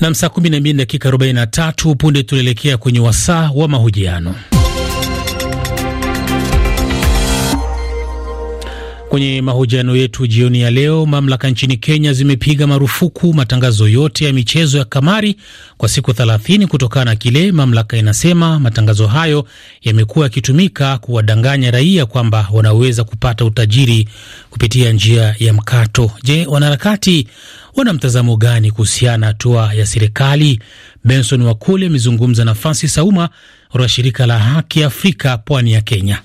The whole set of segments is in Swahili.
Nam, saa mbili dakika tatu punde tunaelekea kwenye wasaa wa mahojiano. Kwenye mahojiano yetu jioni ya leo, mamlaka nchini Kenya zimepiga marufuku matangazo yote ya michezo ya kamari kwa siku 30 kutokana na kile mamlaka inasema matangazo hayo yamekuwa yakitumika kuwadanganya raia kwamba wanaweza kupata utajiri kupitia njia ya mkato. Je, wanaharakati wana mtazamo gani kuhusiana na hatua ya serikali? Benson Wakuli amezungumza na Francis Auma wa shirika la Haki Afrika pwani ya Kenya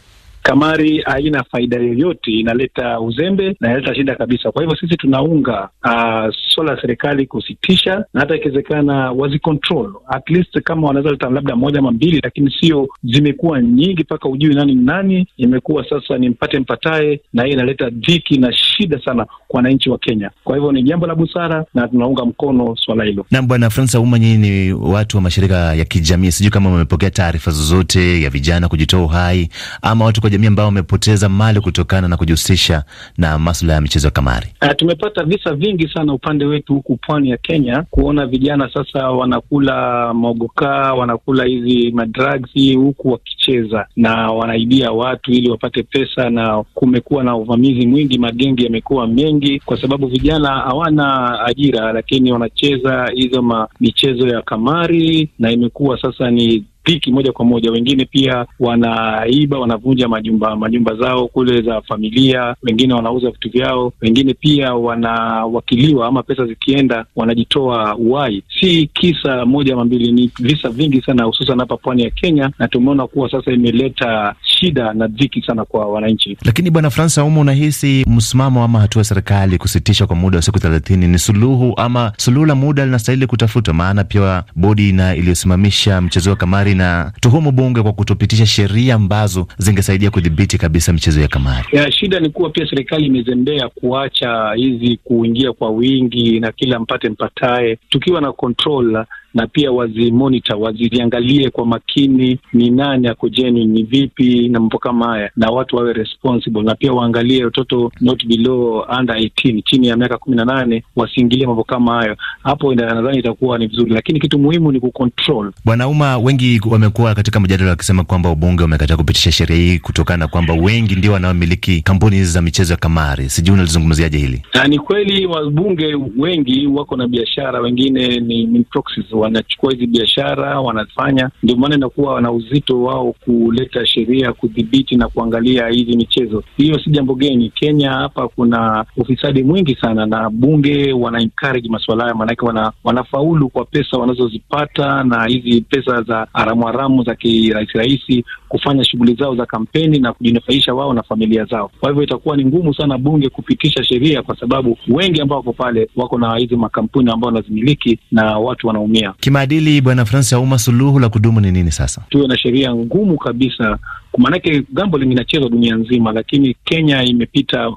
kamari haina faida yoyote, inaleta uzembe na inaleta shida kabisa. Kwa hivyo sisi tunaunga uh, swala la serikali kusitisha na hata ikiwezekana wazicontrol at least, kama wanaweza leta labda moja ama mbili, lakini sio zimekuwa nyingi mpaka ujui nani nani. Imekuwa sasa ni mpate mpatae, na hii inaleta dhiki na shida sana kwa wananchi wa Kenya. Kwa hivyo ni jambo la busara na tunaunga mkono swala hilo. Naam, Bwana Francis Auma, nyinyi ni watu wa mashirika ya kijamii, sijui kama mmepokea taarifa zozote ya vijana kujitoa uhai ama watu kwa wanajamii ambao wamepoteza mali kutokana na kujihusisha na masuala ya michezo ya kamari? Ah, tumepata visa vingi sana upande wetu huku pwani ya Kenya, kuona vijana sasa wanakula maogokaa, wanakula hizi madragsi huku wakicheza na wanaibia watu ili wapate pesa, na kumekuwa na uvamizi mwingi, magengi yamekuwa mengi kwa sababu vijana hawana ajira, lakini wanacheza hizo michezo ya kamari na imekuwa sasa ni pikipiki moja kwa moja. Wengine pia wanaiba, wanavunja majumba majumba zao kule za familia, wengine wanauza vitu vyao, wengine pia wanawakiliwa, ama pesa zikienda wanajitoa uhai. Si kisa moja ama mbili, ni visa vingi sana, hususan hapa pwani ya Kenya, na tumeona kuwa sasa imeleta shida na dhiki sana kwa wananchi. Lakini bwana Fransa Umo, unahisi msimamo ama hatua ya serikali kusitisha kwa muda wa siku thelathini ni suluhu ama suluhu la muda linastahili kutafutwa? Maana pia bodi na iliyosimamisha mchezo wa kamari na tuhumu bunge kwa kutopitisha sheria ambazo zingesaidia kudhibiti kabisa mchezo ya kamari. Ya, shida ni kuwa pia serikali imezembea kuacha hizi kuingia kwa wingi na kila mpate mpatae, tukiwa na control na pia wazimonita, waziliangalie kwa makini, ni nani ako jeni, ni vipi na mambo kama haya, na watu wawe responsible, na pia waangalie watoto not below under 18, chini ya miaka kumi na nane, wasiingilie mambo kama hayo. Hapo nadhani itakuwa ni vizuri, lakini kitu muhimu ni kucontrol. Bwana Uma, wengi wamekuwa katika mjadala wakisema kwamba ubunge wamekataa kupitisha sheria hii kutokana na kwamba wengi ndio wanaomiliki kampuni hizi za michezo ya kamari. Sijui unalizungumziaje hili? Ni kweli wabunge wengi wako na biashara, wengine ni, ni proxies wa wanachukua hizi biashara wanafanya, ndio maana inakuwa wana uzito wao kuleta sheria kudhibiti na kuangalia hizi michezo. Hiyo si jambo geni. Kenya hapa kuna ufisadi mwingi sana, na bunge wana encourage masuala haya, maanake wana, wanafaulu kwa pesa wanazozipata na hizi pesa za haramu haramu za kirahisi rahisi kufanya shughuli zao za kampeni na kujinufaisha wao na familia zao. Kwa hivyo itakuwa ni ngumu sana bunge kupitisha sheria, kwa sababu wengi ambao wako pale wako na hizi makampuni ambao wanazimiliki na watu wanaumia. Kimaadili, Bwana Francis Auma, suluhu la kudumu ni nini sasa? Tuwe na sheria ngumu kabisa, maanake gambo linachezwa dunia nzima, lakini Kenya imepita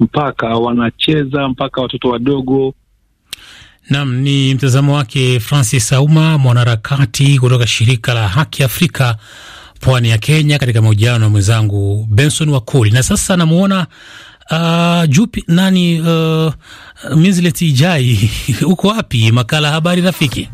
mpaka, wanacheza mpaka watoto wadogo. Nam ni mtazamo wake Francis Auma, mwanaharakati kutoka shirika la Haki Afrika pwani ya Kenya, katika mahojiano na mwenzangu Benson Wakoli. Na sasa namwona Uh, jupi nani uh, mizleti Ijai uko wapi? Makala habari rafiki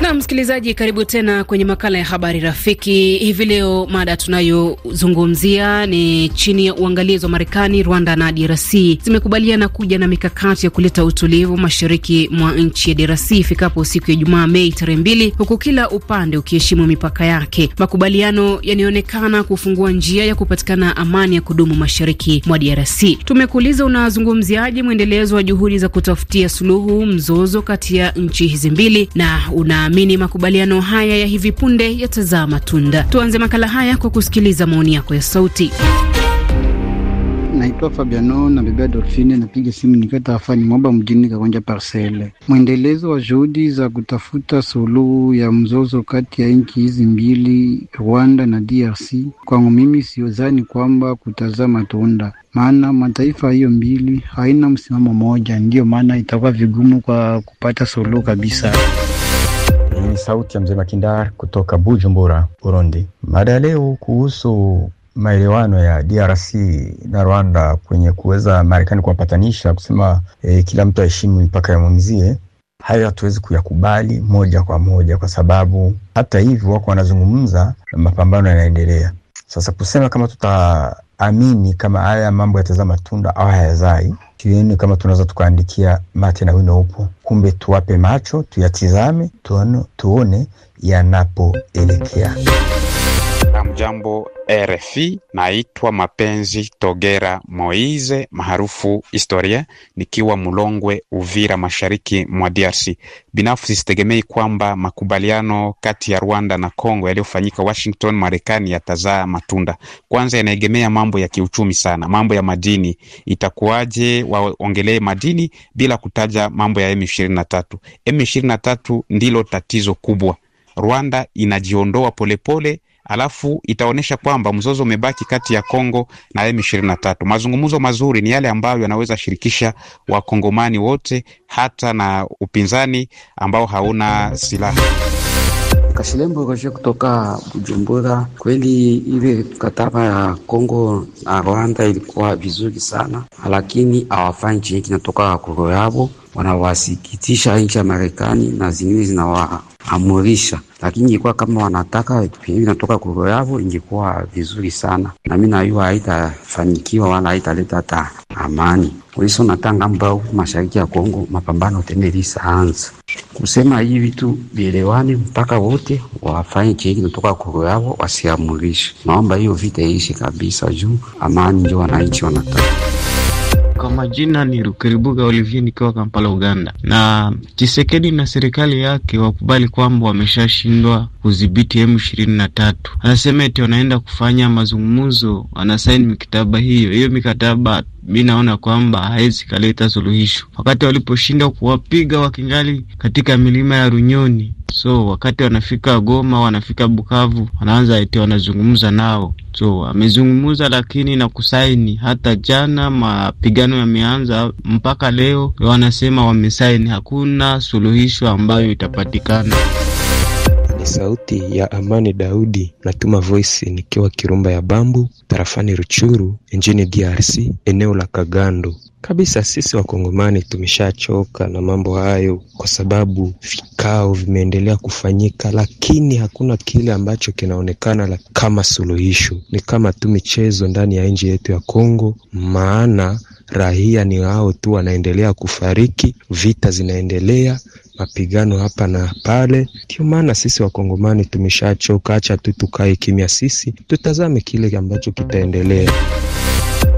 na msikilizaji, karibu tena kwenye makala ya habari rafiki. Hivi leo mada tunayozungumzia ni chini ya uangalizi wa Marekani, Rwanda na DRC zimekubaliana kuja na mikakati ya kuleta utulivu mashariki mwa nchi ya DRC ifikapo siku ya jumaa Mei tarehe mbili, huku kila upande ukiheshimu mipaka yake. Makubaliano yanayoonekana kufungua njia ya kupatikana amani ya kudumu mashariki mwa DRC. Tumekuuliza, unazungumziaje mwendelezo wa juhudi za kutafutia suluhu mzozo kati ya nchi hizi mbili na una anaamini makubaliano haya ya hivi punde yatazaa matunda. Tuanze makala haya kwa kusikiliza maoni yako ya sauti. Naitwa Fabiano na bebe Dolfine, napiga simu nikiwa tarafani Moba mjini kakonja Parcele. Mwendelezo wa juhudi za kutafuta suluhu ya mzozo kati ya nchi hizi mbili, Rwanda na DRC, kwangu mimi siozani kwamba kutazaa matunda maana mataifa hiyo mbili haina msimamo mmoja, ndiyo maana itakuwa vigumu kwa kupata suluhu kabisa. Ni sauti ya mzee Makindar kutoka Bujumbura, Burundi. Mada ya leo kuhusu maelewano ya DRC na Rwanda kwenye kuweza Marekani kuwapatanisha kusema eh, kila mtu aheshimu mipaka ya mwenzie. Hayo hatuwezi kuyakubali moja kwa moja, kwa sababu hata hivyo wako wanazungumza, mapambano yanaendelea. Sasa kusema kama tuta amini kama haya mambo yatazaa matunda au hayazai. Tueni kama tunaweza tukaandikia mate na wino upo, kumbe tuwape macho tuyatizame, tuone yanapoelekea. Jambo RFI, naitwa Mapenzi Togera Moize maarufu Historia, nikiwa Mulongwe, Uvira, mashariki mwa DRC. Binafsi sitegemei kwamba makubaliano kati ya Rwanda na congo yaliyofanyika Washington, Marekani yatazaa matunda. Kwanza yanaegemea mambo ya kiuchumi sana, mambo ya madini. Itakuwaje waongelee madini bila kutaja mambo ya M23? M23 ndilo tatizo kubwa. Rwanda inajiondoa polepole pole, alafu itaonyesha kwamba mzozo umebaki kati ya Kongo na M23. Mazungumzo mazuri ni yale ambayo yanaweza shirikisha wakongomani wote, hata na upinzani ambao hauna silaha. Kashilembo Roje kutoka Bujumbura. Kweli ile kataba ya Kongo na Rwanda ilikuwa vizuri sana, lakini hawafanyi chenye kinatoka kuro yabo, wanawasikitisha nchi ya Marekani na zingine zinawaamurisha, lakini ingekuwa kama wanataka vyenye vinatoka kuro yavo ingekuwa vizuri sana, na mimi najua haitafanikiwa wala haitaleta hata amani uliso natanga mbao mashariki ya Kongo, mapambano tena ilisaanza. Kusema hivi vitu vielewane, mpaka wote wafanye cheki kutoka koro yao, wasiamurishi. Naomba hiyo vita iishe kabisa, juu amani ndio wananchi wanataka. Kwa majina ni Rukiribuga Olivier, nikiwa Kampala, Uganda. Na Chisekedi na serikali yake wakubali kwamba wameshashindwa kudhibiti M23. Anasema eti wanaenda kufanya mazungumzo, wanasaini mikataba hiyo hiyo. Mikataba mi naona kwamba hawezi kaleta suluhisho, wakati waliposhinda kuwapiga wakingali katika milima ya Runyoni so wakati wanafika Goma, wanafika Bukavu, wanaanza eti wanazungumza nao, so amezungumza lakini na kusaini. Hata jana mapigano yameanza mpaka leo wanasema wamesaini, hakuna suluhisho ambayo itapatikana. Sauti ya Amani Daudi, natuma voice nikiwa Kirumba ya Bambu, tarafani Ruchuru, nchini DRC, eneo la Kagando kabisa. Sisi wakongomani tumeshachoka na mambo hayo, kwa sababu vikao vimeendelea kufanyika, lakini hakuna kile ambacho kinaonekana kama suluhisho. Ni kama tu michezo ndani ya nchi yetu ya Kongo, maana raia ni hao tu wanaendelea kufariki, vita zinaendelea mapigano hapa na pale. Ndio maana sisi wakongomani tumeshachoka. Acha tu tukae kimya, sisi tutazame kile ambacho kitaendelea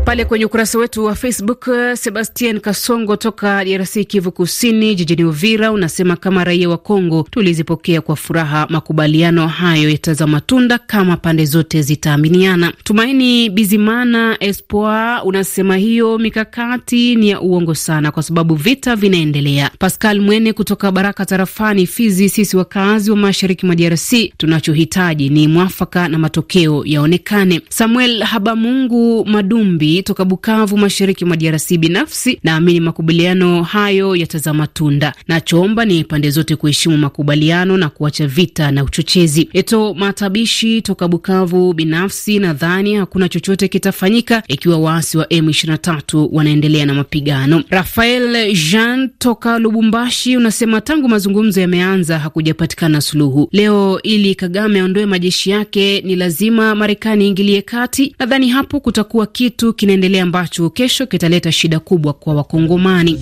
pale kwenye ukurasa wetu wa Facebook. Eh, Sebastian Kasongo toka DRC, Kivu Kusini, jijini Uvira, unasema kama raia wa Kongo tulizipokea kwa furaha makubaliano hayo yataza matunda kama pande zote zitaaminiana. Tumaini Bizimana Espoir unasema hiyo mikakati ni ya uongo sana, kwa sababu vita vinaendelea. Pascal Mwene kutoka Baraka tarafani Fizi, sisi wakazi wa mashariki mwa DRC tunachohitaji ni mwafaka na matokeo yaonekane. Samuel Habamungu Madumbi toka Bukavu, mashariki mwa DRC. Binafsi naamini makubaliano hayo yatazaa matunda. Nachoomba ni pande zote kuheshimu makubaliano na kuacha vita na uchochezi. Eto Matabishi toka Bukavu, binafsi nadhani hakuna chochote kitafanyika ikiwa waasi wa M23 wanaendelea na mapigano. Rafael Jean toka Lubumbashi unasema tangu mazungumzo yameanza hakujapatikana suluhu. Leo ili Kagame aondoe majeshi yake ni lazima Marekani ingilie kati. Nadhani hapo kutakuwa kitu kina kinaendelea ambacho kesho kitaleta shida kubwa kwa Wakongomani.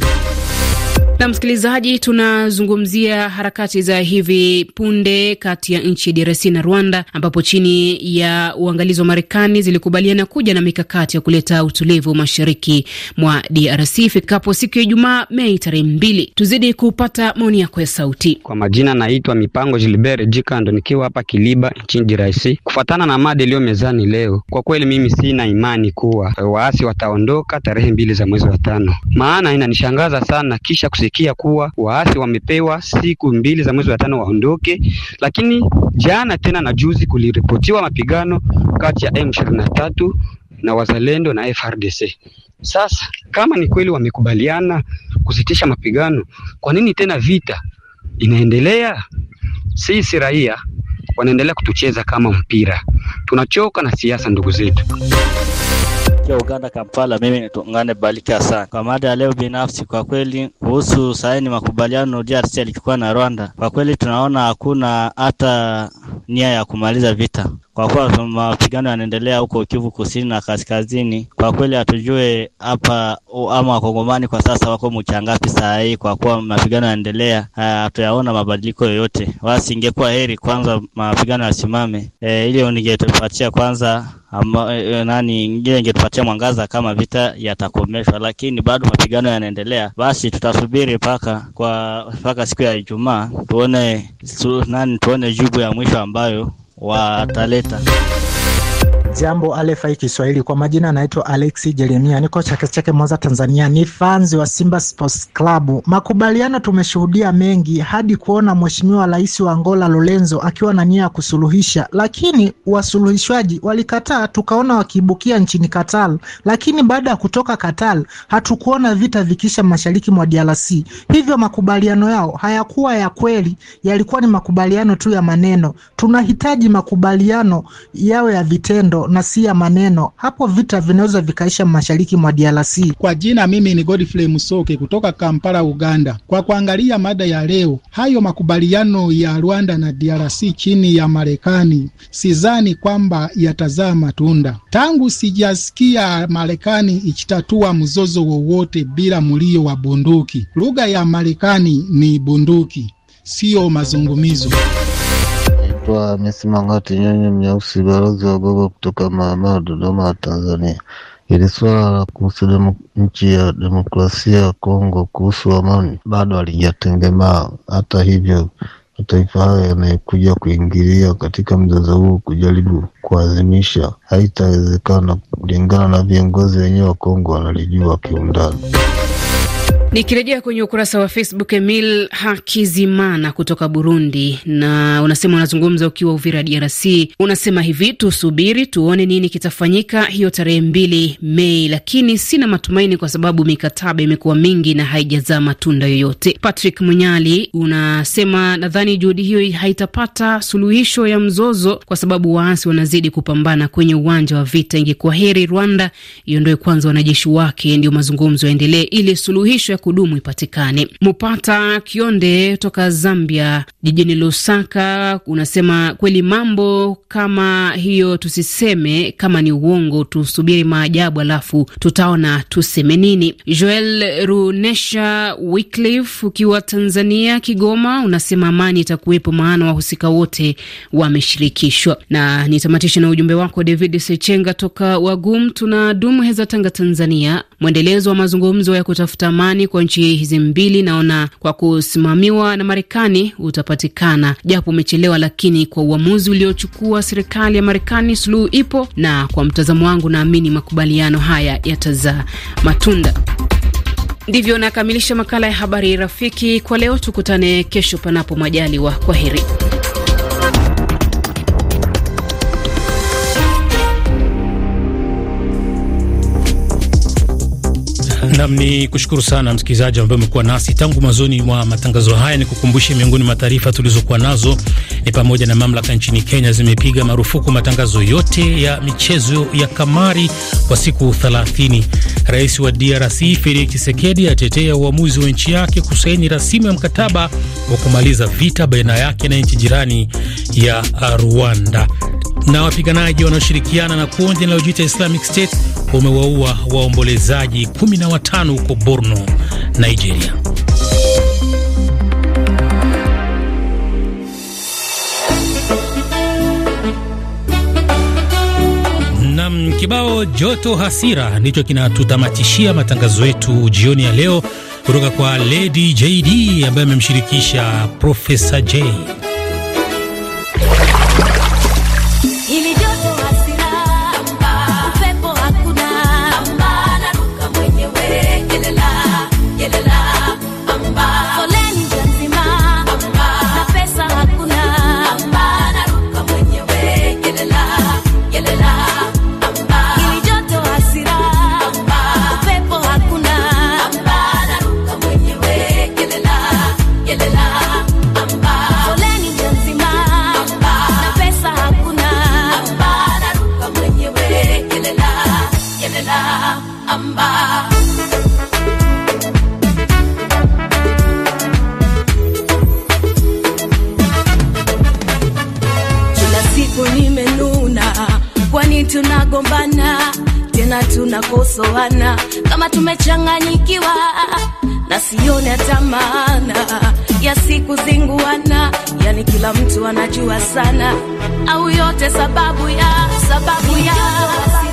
Na msikilizaji, tunazungumzia harakati za hivi punde kati ya nchi ya DRC na Rwanda, ambapo chini ya uangalizi wa Marekani zilikubaliana kuja na mikakati ya kuleta utulivu mashariki mwa DRC ifikapo siku ya Ijumaa Mei tarehe mbili. Tuzidi kupata maoni yako ya sauti. Kwa majina naitwa Mipango Gilbert Jikando, nikiwa hapa Kiliba nchini DRC. kufuatana na mada iliyo mezani leo, kwa kweli mimi sina imani kuwa waasi wataondoka tarehe mbili za mwezi wa tano, maana inanishangaza sana kisha kusi kusikia kuwa waasi wamepewa siku mbili za mwezi wa tano waondoke, lakini jana tena na juzi kuliripotiwa mapigano kati ya M23 na wazalendo na FRDC. Sasa kama ni kweli wamekubaliana kusitisha mapigano, kwa nini tena vita inaendelea? Sisi raia wanaendelea kutucheza kama mpira. Tunachoka na siasa, ndugu zetu nikiwa Uganda, Kampala. Mimi ni Tungane Balika sana kwa mada ya leo binafsi. Kwa kweli kuhusu saini makubaliano DRC alichukua na Rwanda, kwa kweli tunaona hakuna hata nia ya kumaliza vita kwa kuwa mapigano yanaendelea huko Kivu kusini na kaskazini. Kwa kweli hatujue hapa ama wakongomani kwa sasa wako mchangapi saa hii, kwa kuwa mapigano yanaendelea, hatuyaona mabadiliko yoyote. Wasi ingekuwa heri kwanza mapigano yasimame, e, eh, ili ungetupatia kwanza ama, eh, eh, nani ingine ingetupatia mwangaza kama vita yatakomeshwa, lakini bado mapigano yanaendelea, basi tutasubiri paka kwa mpaka siku ya Ijumaa tuone su, nani tuone jibu ya mwisho ambayo wataleta. Jambo RFI Kiswahili, kwa majina anaitwa Alexi Jeremia, niko Chake Chake, Mwanza, Tanzania. Ni fanzi wa Simba Sports Club. Makubaliano tumeshuhudia mengi, hadi kuona Mheshimiwa Rais wa Angola Lorenzo akiwa na nia ya kusuluhisha, lakini wasuluhishwaji walikataa, tukaona wakiibukia nchini Qatar. Lakini baada ya kutoka Qatar hatukuona vita vikisha mashariki mwa DRC, hivyo makubaliano yao hayakuwa ya kweli, yalikuwa ni makubaliano tu ya maneno. Tunahitaji makubaliano yao ya vitendo na si ya maneno. Hapo vita vinaweza vikaisha mashariki mwa DRC. Kwa jina mimi ni Godfrey Musoke kutoka Kampala, Uganda. Kwa kuangalia mada ya leo, hayo makubaliano ya Rwanda na DRC chini ya Marekani sizani kwamba yatazaa matunda. Tangu sijasikia Marekani ikitatua mzozo wowote bila mlio wa bunduki. Lugha ya Marekani ni bunduki, siyo mazungumizo. Naitwa Mesi Nyonyi Mnyeusi, balozi wa Gogo kutoka Maamara, Dodoma, Tanzania. Ili swala la kuhusu nchi ya demokrasia ya Kongo kuhusu amani bado halijatengemaa. Hata hivyo, mataifa hayo yanayokuja kuingilia katika mzozo huu kujaribu kuazimisha haitawezekana, kulingana na viongozi wenyewe wa Kongo wanalijua kiundani. Nikirejea kwenye ukurasa wa Facebook, Emil Hakizimana kutoka Burundi na unasema unazungumza ukiwa Uvira, DRC. Unasema hivi, tusubiri tuone nini kitafanyika hiyo tarehe mbili Mei, lakini sina matumaini kwa sababu mikataba imekuwa mingi na haijazaa matunda yoyote. Patrick Munyali unasema nadhani juhudi hiyo haitapata suluhisho ya mzozo kwa sababu waasi wanazidi kupambana kwenye uwanja wa vita. Ingekuwa heri Rwanda iondoe kwanza wanajeshi wake, ndio mazungumzo yaendelee ili suluhisho ya kudumu ipatikane. Mupata Kionde toka Zambia, jijini Lusaka, unasema kweli mambo kama hiyo tusiseme kama ni uongo, tusubiri maajabu, alafu tutaona tuseme nini. Joel Runesha Wycliffe ukiwa Tanzania, Kigoma, unasema amani itakuwepo, maana wahusika wote wameshirikishwa. Na nitamatisha na ujumbe wako David Sechenga toka Wagum tuna dumu heza Tanga, Tanzania, mwendelezo wa mazungumzo ya kutafuta amani kwa nchi hizi mbili naona kwa kusimamiwa na Marekani utapatikana, japo umechelewa, lakini kwa uamuzi uliochukua serikali ya Marekani suluhu ipo, na kwa mtazamo wangu naamini makubaliano haya yatazaa matunda. Ndivyo nakamilisha makala ya habari rafiki kwa leo. Tukutane kesho, panapo majaliwa. Kwa heri. Nam ni kushukuru sana msikilizaji ambaye umekuwa nasi tangu mwanzoni mwa matangazo haya. Ni kukumbushe miongoni mwa taarifa tulizokuwa nazo ni pamoja na mamlaka nchini Kenya zimepiga marufuku matangazo yote ya michezo ya kamari kwa siku 30. Rais wa DRC Felix Tshisekedi atetea uamuzi wa nchi yake kusaini rasimu ya mkataba wa kumaliza vita baina yake na nchi jirani ya Rwanda na wapiganaji wanaoshirikiana na kundi linalojiita Islamic State wamewaua waombolezaji 15 huko Borno, Nigeria. Nam kibao joto hasira ndicho kinatutamatishia matangazo yetu jioni ya leo kutoka kwa Lady JD ambaye amemshirikisha Profesa J. la Amba. Kila siku nimenuna, kwani tunagombana tena tunakosoana, kama tumechanganyikiwa na sione tamana ya siku zinguana, yani kila mtu anajua sana, au yote sababu ya sababu ya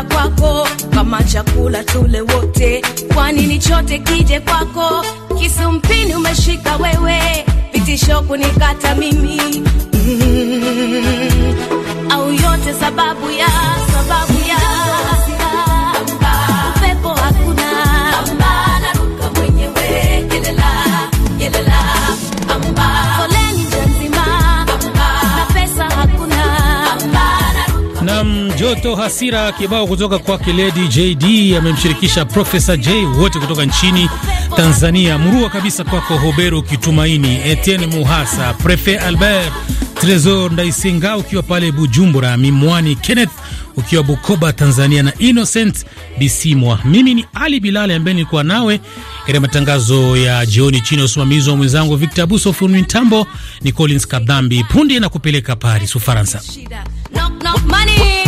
kuja kwako kama chakula tule wote, kwa nini chote kije kwako? Kisu mpini umeshika wewe, vitisho kunikata mimi mm, au yote sababu ya sababu ya Nam joto hasira kibao kutoka kwake Lady JD amemshirikisha Profesa J, wote kutoka nchini Tanzania. Mrua kabisa kwako Hobero Kitumaini, Etienne Muhasa, Prefet Albert Tresor Ndaisenga ukiwa pale Bujumbura, Mimwani Kenneth ukiwa Bukoba Tanzania, na Innocent Bisimwa. Mimi ni Ali Bilali ambaye nilikuwa nawe katika matangazo ya jioni chini ya usimamizi wa mwenzangu Victor Buso. Fundi mitambo ni Collins Kadhambi. Punde na kupeleka Paris, Ufaransa. Knock, knock, money.